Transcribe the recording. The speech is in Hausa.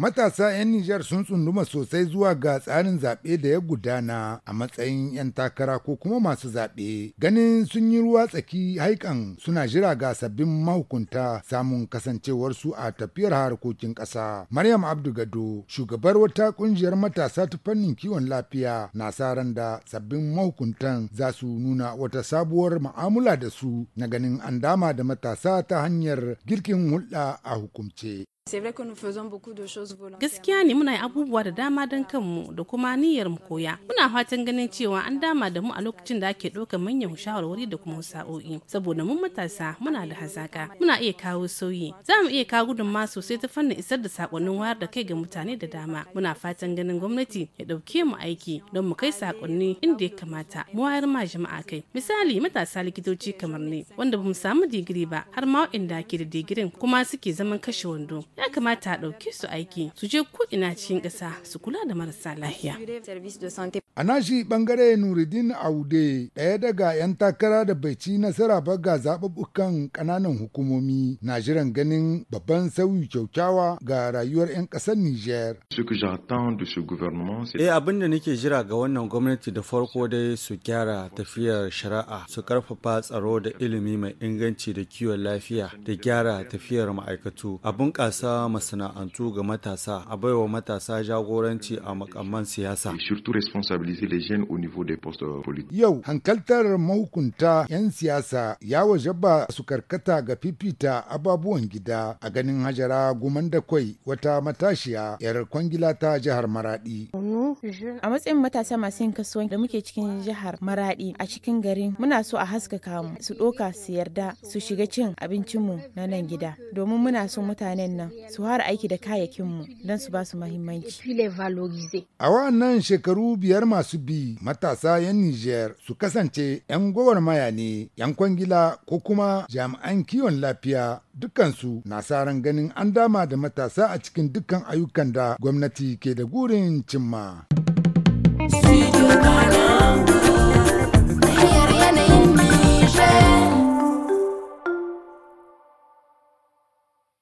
Matasa 'yan Nijar sun tsunduma sosai zuwa ga tsarin zaɓe da ya gudana a matsayin 'yan takara ko kuma masu zaɓe. Ganin sun yi ruwa tsaki haikan suna jira ga sabbin mahukunta samun kasancewarsu a tafiyar harkokin ƙasa. Maryam Abdu Gado, shugabar wata ƙungiyar matasa ta fannin kiwon lafiya na sa ran da sabbin mahukuntan za su nuna wata sabuwar ma'amula da su na ganin an dama da matasa ta hanyar girkin hulɗa a hukumce. Gaskiya ne muna abubuwa da dama don kanmu da kuma niyyar mu koya. Muna fatan ganin cewa an dama da mu a lokacin da ake ɗaukar manyan shawarwari da kuma sa'o'i. Saboda mun matasa muna da hazaka, muna iya kawo sauyi. Za mu iya kawo gudunmawa sosai ta fannin isar da sakonnin wayar da kai ga mutane da dama. Muna fatan ganin gwamnati ya ɗauke mu aiki don mu kai sakonni inda ya kamata mu wayar ma jama'a kai. Misali matasa likitoci kamar ne wanda ba mu samu digiri ba har ma waɗanda ke da digirin kuma suke zaman kashe wando. ya kamata a ɗauki su aiki su je ko ina cikin ƙasa su kula da marasa lafiya. A nashi bangare Nuruddin Aude ɗaya daga 'yan takara da bai ci nasara ba ga zaɓuɓɓukan ƙananan hukumomi na jiran ganin babban sauyi kyaukyawa ga rayuwar 'yan ƙasar Nijar. Eh abin da nake jira ga wannan gwamnati da farko dai su gyara tafiyar shari'a su karfafa tsaro da ilimi mai inganci da kiwon lafiya da gyara tafiyar ma'aikatu a bunƙasa ta masana'antu ga matasa a baiwa matasa jagoranci a makamman siyasa. Yau hankaltar mahukunta 'yan siyasa ya waje ba su karkata ga fifita ababuwan gida a ganin hajara guman da kwai wata matashiya 'yar kwangila ta jihar Maradi. Mhm. a matsayin matasa masu yin kasuwanci da muke cikin jihar Maradi a cikin garin muna so a haskaka mu su doka su yarda su shiga cin abincin mu na nan gida domin muna so mutanen nan su fara aiki da kayayyakin mu don su ba su muhimmanci. A wannan shekaru biyar masu bi matasa 'yan Nijar su kasance 'yan gwagwarmaya ne 'yan kwangila ko kuma jami'an kiwon lafiya dukansu na sa ran ganin an dama da matasa a cikin dukkan ayyukan da gwamnati ke da gurin cimma.